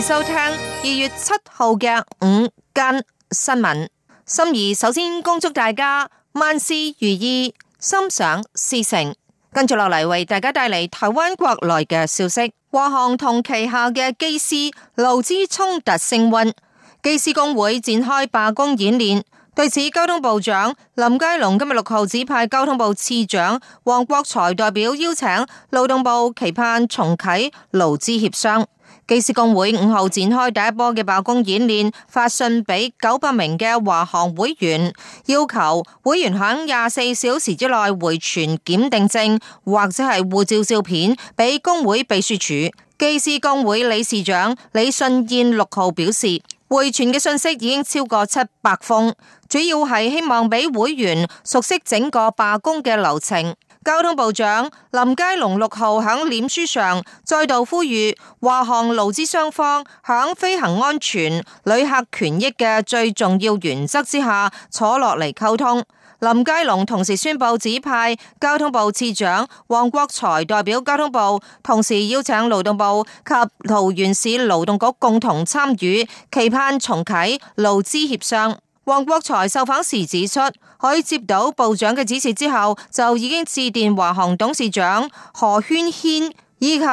收聽二月七號嘅午間新聞，心怡首先恭祝大家萬事如意、心想事成。跟住落嚟為大家帶嚟臺灣國內嘅消息，華航同旗下嘅機師勞資衝突升温，機師工會展開罷工演練。對此，交通部長林佳龍今日六號指派交通部次長王國材代表邀請勞動部，期盼重啟勞資協商。技師工會五號展開第一波嘅罷工演練，發信俾九百名嘅華航會員，要求會員響廿四小時之內回傳檢定證或者係護照照片俾工會秘書處。技師工會理事長李信燕六號表示，回傳嘅信息已經超過七百封，主要係希望俾會員熟悉整個罷工嘅流程。交通部長林佳龍六號喺臉書上再度呼籲華航勞資雙方喺飛行安全、旅客權益嘅最重要原則之下坐落嚟溝通。林佳龍同時宣布指派交通部次長王國材代表交通部，同時邀請勞動部及桃園市勞動局共同參與，期盼重啟勞資協商。王國材受訪時指出，佢接到部長嘅指示之後，就已經致電華航董事長何煖軒，以及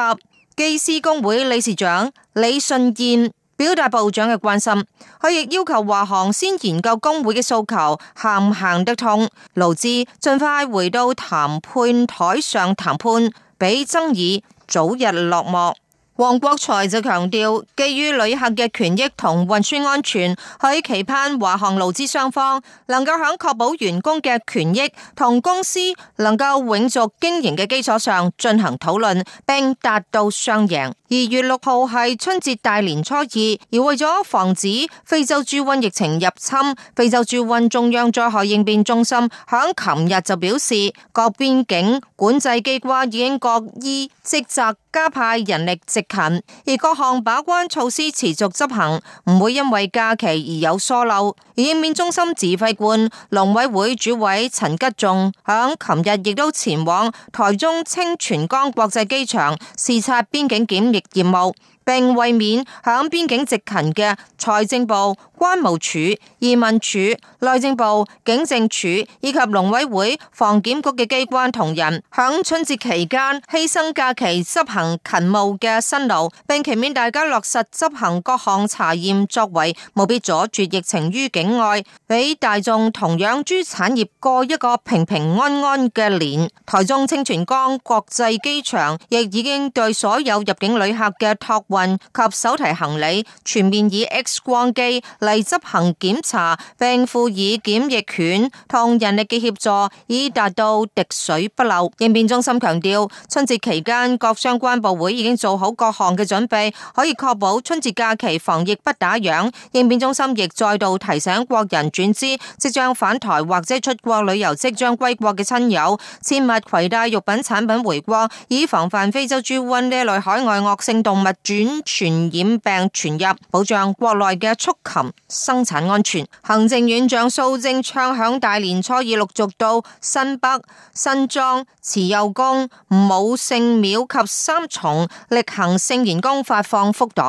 機師工會理事長李信燕，表達部長嘅關心。佢亦要求華航先研究工會嘅訴求行唔行得通，勞資盡快回到談判台上談判，俾爭議早日落幕。王國材就強調，基於旅客嘅權益同運輸安全，佢期盼華航勞資雙方能夠響確保員工嘅權益同公司能夠永續經營嘅基礎上進行討論，並達到雙贏。二月六號係春節大年初二，而為咗防止非洲豬瘟疫情入侵，非洲豬瘟中央災害應變中心響琴日就表示，各邊境管制機關已經各依職責加派人力直。近而各項把關措施持續執行，唔會因為假期而有疏漏。而疫免中心指揮官農委會主委陳吉仲響琴日亦都前往台中清泉崗國際機場視察邊境檢疫業務。並為免響邊境執勤嘅財政部、關務署、移民署、內政部、警政署以及農委會、防檢局嘅機關同人，響春節期間犧牲假期執行勤務嘅辛勞，並期勉大家落實執行各項查驗作為，務必阻絕疫情於境外，俾大眾同養豬產業過一個平平安安嘅年。台中清泉崗國際機場亦已經對所有入境旅客嘅託及手提行李全面以 X 光機嚟執行檢查，並附以檢疫犬同人力嘅協助，以達到滴水不漏。應變中心強調，春節期間各相關部會已經做好各項嘅準備，可以確保春節假期防疫不打烊。應變中心亦再度提醒國人轉資，轉知即將返台或者出國旅遊即將歸國嘅親友，切勿攜帶肉品產品回國，以防範非洲豬瘟呢類海外惡性動物轉等傳染病傳入，保障國內嘅畜禽生產安全。行政院長蘇貞昌響大年初二陸續到新北、新莊、慈幼宮、武聖廟及三重，力行聖賢宮發放福袋，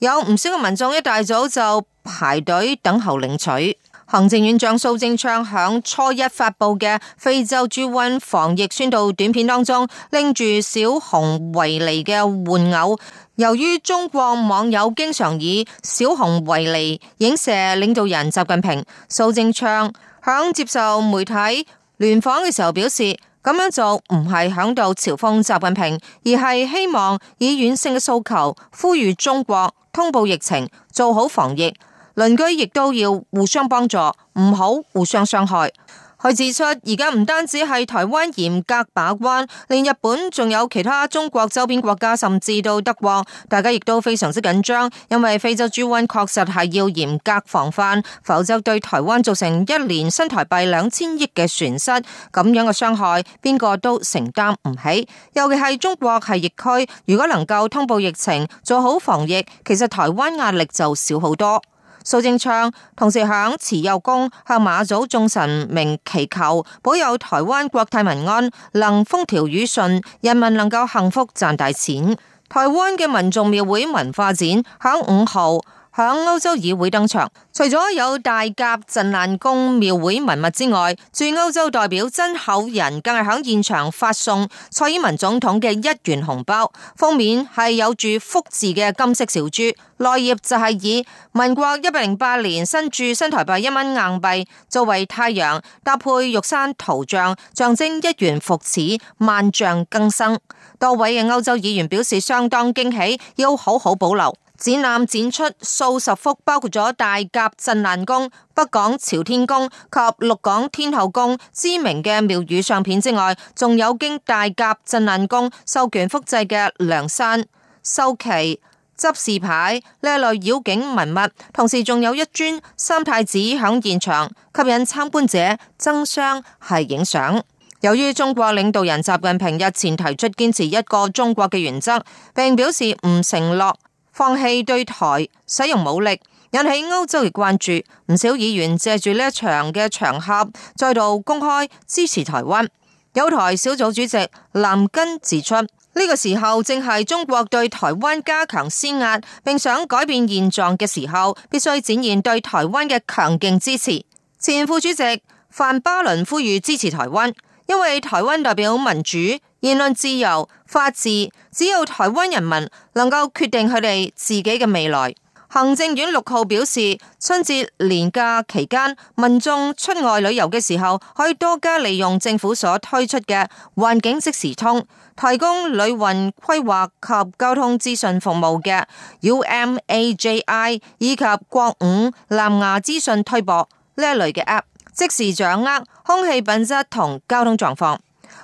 有唔少嘅民眾一大早就排隊等候領取。行政院長蘇貞昌響初一發佈嘅非洲豬瘟防疫宣導短片當中，拎住小熊維尼嘅玩偶。由於中國網友經常以小熊維尼影射領導人習近平，蘇貞昌響接受媒體聯訪嘅時候表示，咁樣做唔係響度嘲諷習近平，而係希望以軟性嘅訴求呼籲中國通報疫情，做好防疫。鄰居亦都要互相幫助，唔好互相傷害。佢指出，而家唔單止係台灣嚴格把關，連日本仲有其他中國周邊國家，甚至到德國，大家亦都非常之緊張。因為非洲豬瘟確實係要嚴格防範，否則對台灣造成一年新台幣兩千億嘅損失，咁樣嘅傷害，邊個都承擔唔起。尤其係中國係疫區，如果能夠通報疫情，做好防疫，其實台灣壓力就少好多。蘇貞昌同時響慈幼宮向馬祖眾神明祈求，保佑台灣國泰民安，能風調雨順，人民能夠幸福賺大錢。台灣嘅民眾廟會文化展響五號響歐洲議會登場，除咗有大甲鎮瀾宮廟會文物之外，駐歐洲代表真口人更係響現場發送蔡英文總統嘅一元紅包，封面係有住福字嘅金色小豬，內頁就係以民國一百零八年新注新台幣一蚊硬幣作為太陽，搭配玉山圖像，象徵一元復始，萬象更生。多位嘅歐洲議員表示相當驚喜，要好好保留。展覽展出數十幅，包括咗大甲鎮瀾宮、北港朝天宮及鹿港天后宮知名嘅廟宇相片之外，仲有經大甲鎮瀾宮授權複製嘅涼傘、繡旗、執事牌呢一類遶境文物。同時仲有一尊三太子響現場，吸引參觀者爭相係影相。由於中國領導人習近平日前提出堅持一個中國嘅原則，並表示唔承諾，放棄對台使用武力，引起歐洲嘅關注。唔少議員借住呢一場嘅場合，再度公開支持台灣。有台小組主席藍根指出，呢、這個時候正係中國對台灣加強施壓，並想改變現狀嘅時候，必須展現對台灣嘅強勁支持。前副主席范巴倫呼籲支持台灣，因為台灣代表民主，言論自由、法治，只有台灣人民能夠決定佢哋自己嘅未來。行政院六號表示，春節連假期間，民眾出外旅遊嘅時候，可以多加利用政府所推出嘅環境即時通、提供旅運規劃及交通資訊服務嘅 UMAJI 以及國五藍牙資訊推播呢一類嘅 app，即時掌握空氣品質同交通狀況。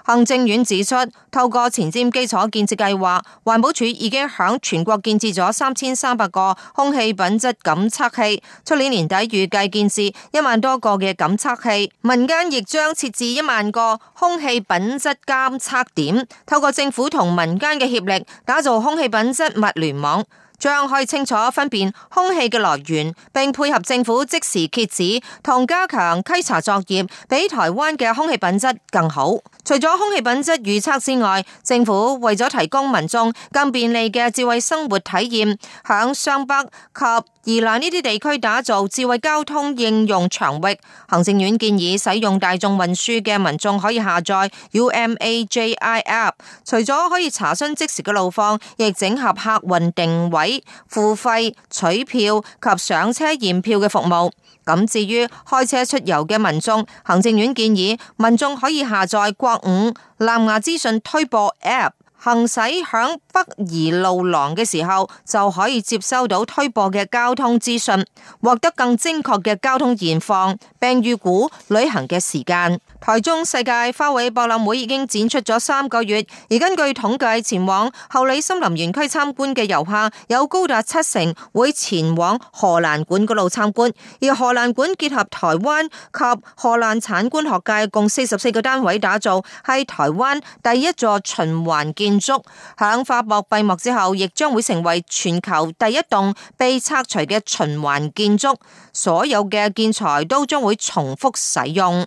行政院指出，透過前瞻基礎建設計劃，環保署已經響全國建設咗三千三百個空氣品質檢測器，出年年底預計建設一萬多個嘅檢測器。民間亦將設置一萬個空氣品質監測點，透過政府同民間嘅協力，打造空氣品質物聯網。將可以清楚分辨空氣嘅來源，並配合政府即時揭止，同加強稽查作業，比台灣嘅空氣品質更好。除咗空氣品質預測之外，政府為咗提供民眾更便利嘅智慧生活體驗，響雙北及而拿呢啲地區打造智慧交通應用場域，行政院建議使用大眾運輸嘅民眾可以下載 UMAJI app，除咗可以查詢即時嘅路況，亦整合客運定位、付費、取票及上車驗票嘅服務。咁至於開車出遊嘅民眾，行政院建議民眾可以下載國五藍牙資訊推播 app，行駛響，北宜路廊嘅時候就可以接收到推播嘅交通資訊，獲得更精確嘅交通現況，並預估旅行嘅時間。台中世界花卉博覽會已經展出咗三個月，而根據統計，前往后里森林園區參觀嘅遊客有高達七成會前往荷蘭館嗰度參觀。而荷蘭館結合台灣及荷蘭產官學界共四十四個單位打造，係台灣第一座循環建築，響發。幕閉幕之後，亦將會成為全球第一棟被拆除嘅循環建築，所有嘅建材都將會重複使用。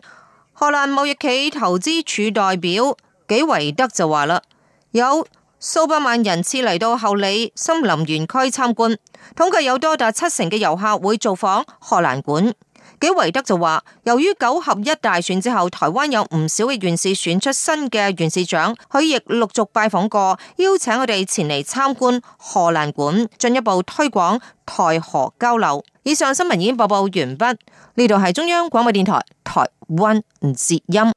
荷蘭貿易企投資處代表紀維德就話啦，有數百萬人次嚟到後里森林園區參觀，統計有多達七成嘅遊客會造訪荷蘭館。紀維德就話，由於九合一大選之後，台灣有唔少嘅縣市選出新嘅縣市長，佢亦陸續拜訪過，邀請我哋前嚟參觀荷蘭館，進一步推廣台荷交流。以上新聞已經播報完畢，呢度係中央廣播電台台灣接音。